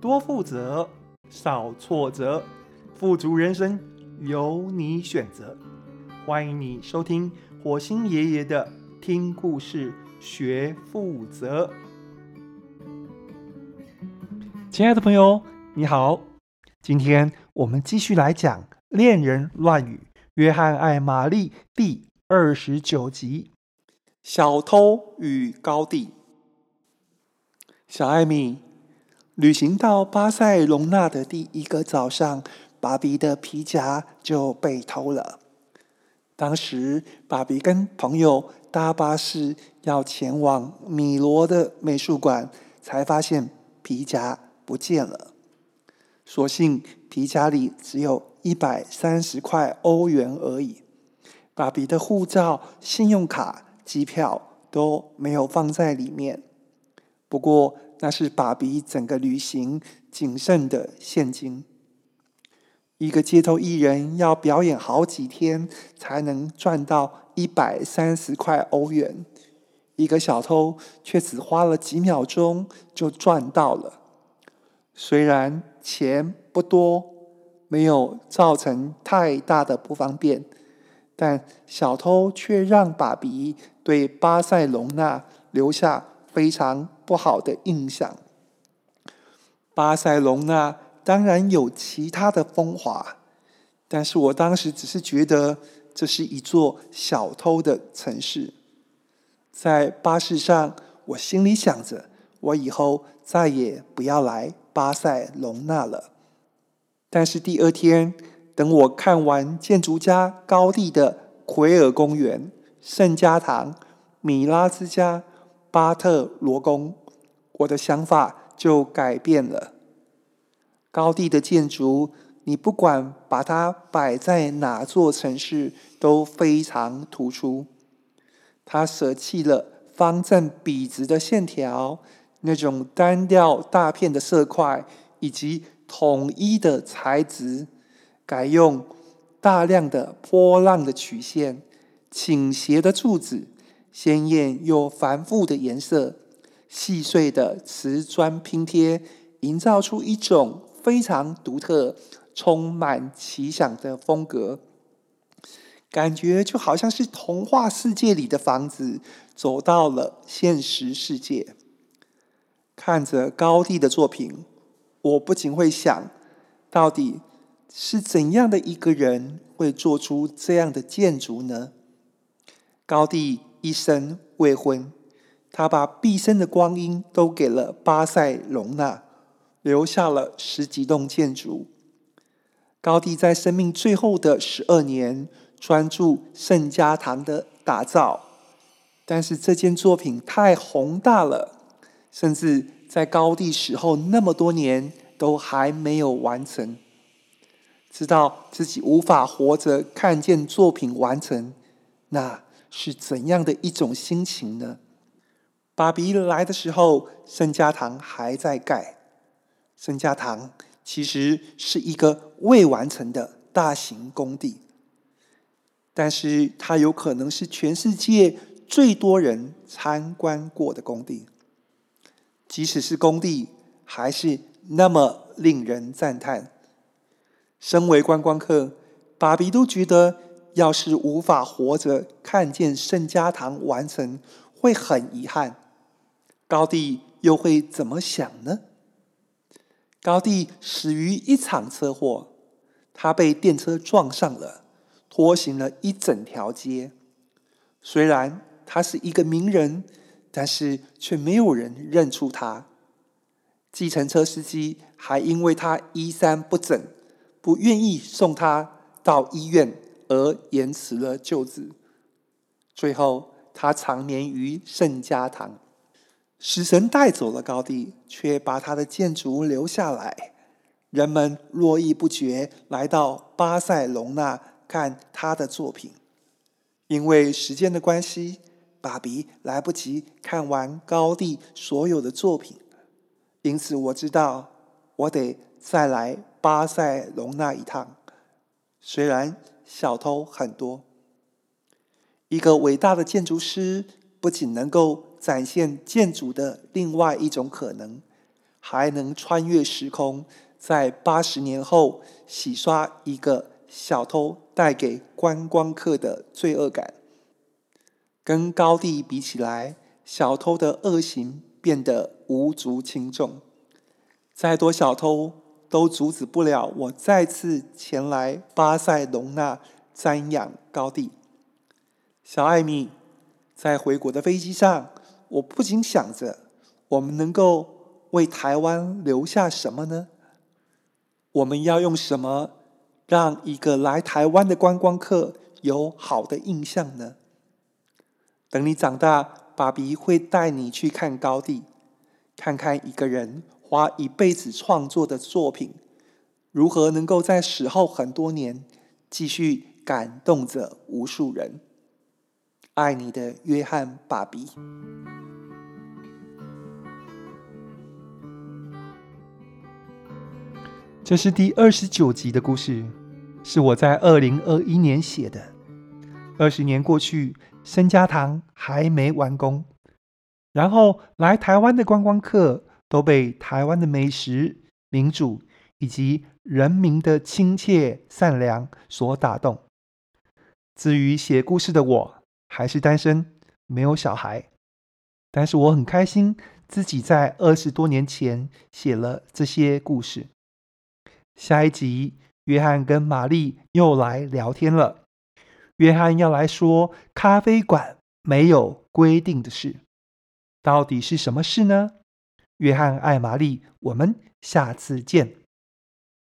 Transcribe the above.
多富擇，少挫折，富足人生由你選擇。歡迎你收聽火星爺爺的聽故事學富擇。親愛的朋友，你好，今天我們繼續來講《戀人亂語》，約翰愛瑪麗第二十九集：小偷與高第。小艾米。旅行到巴塞隆納的第一個早上，巴比的皮夾就被偷了。當時巴比跟朋友搭巴士要前往米羅的美術館，才發現皮夾不見了。所幸皮夾裡只有一百三十塊歐元而已，巴比的護照、信用卡、機票都沒有放在裡面。不過，那是爸比整個旅行僅剩的現金。一個街頭藝人要表演好幾天才能賺到一百三十塊歐元，一個小偷卻只花了幾秒鐘就賺到了。雖然錢不多，沒有造成太大的不方便，但小偷卻讓爸比對巴塞隆納留下非常。不好的印象。巴塞隆納當然有其他的風華，但是我當時只是覺得這是一座小偷的城市。在巴士上，我心裡想着，我以後再也不要來巴塞隆納了。但是第二天，等我看完建築家高第的奎爾公園、聖家堂、米拉之家。巴特羅宮，我的想法就改變了。高第的建築，你不管把它擺在哪座城市，都非常突出。他捨棄了方正筆直的線條，那種單調大片的色塊以及統一的材質，改用大量的波浪的曲線、傾斜的柱子。鮮豔又繁複的顏色，細碎的瓷磚拼貼，營造出一種非常獨特、充滿奇想的風格，感覺就好像是童話世界裡的房子，走到了現實世界。看着高第的作品，我不禁會想，到底是怎樣的一個人會做出這樣的建築呢？高第。一生未婚，他把畢生的光陰都給了巴塞隆納，留下了十幾棟建築。高第在生命最後的十二年，專注聖家堂的打造，但是這件作品太宏大了，甚至在高第死後那麼多年都還沒有完成。知道自己無法活着看見作品完成，那，是怎樣的一種心情呢？芭比來的時候，聖家堂還在蓋。聖家堂其實是一個未完成的大型工地，但是它有可能是全世界最多人參觀過的工地。即使是工地，還是那麼令人讚嘆。身為觀光客，芭比都覺得。要是無法活着看見聖家堂完成，會很遺憾。高第又會怎麼想呢？高第死於一場車禍，他被電車撞上了，拖行了一整條街。雖然他是一個名人，但是卻沒有人認出他。計程車司機還因為他衣衫不整，不願意送他到醫院。而延遲了救治。最後，他長眠於聖家堂。死神帶走了高第，卻把他的建築留下來。人們絡繹不絕來到巴塞隆那看他的作品。因為時間的關係，爸比來不及看完高第所有的作品。因此，我知道我得再來巴塞隆那一趟。雖然。小偷很多。一個偉大的建築師不僅能夠展現建築的另外一種可能，還能穿越時空，在八十年後洗刷一個小偷帶給觀光客的罪惡感。跟高第比起來，小偷的惡行變得無足輕重。再多小偷，都阻止不了我再次前來巴塞隆那瞻仰高第。小艾米，在回國的飛機上，我不禁想着我們能夠為台灣留下什麼呢？我們要用什麼讓一個來台灣的觀光客有好的印象呢？等你長大，爸比會帶你去看高第。看看一個人花一輩子創作的作品，如何能夠在死後很多年繼續感動着無數人？愛你的約翰·爸比。這是第二十九集的故事，是我在二零二一年寫的。二十年過去，聖家堂還沒完工。然後來台灣的觀光客都被台灣的美食、民主以及人民的親切善良所打動。至於寫故事的我，還是單身，沒有小孩，但是我很開心自己在二十多年前寫了這些故事。下一集，約翰跟瑪麗又來聊天了。約翰要來說咖啡館沒有規定的事。到底是什麼事呢？約翰，愛瑪麗，我們下次見。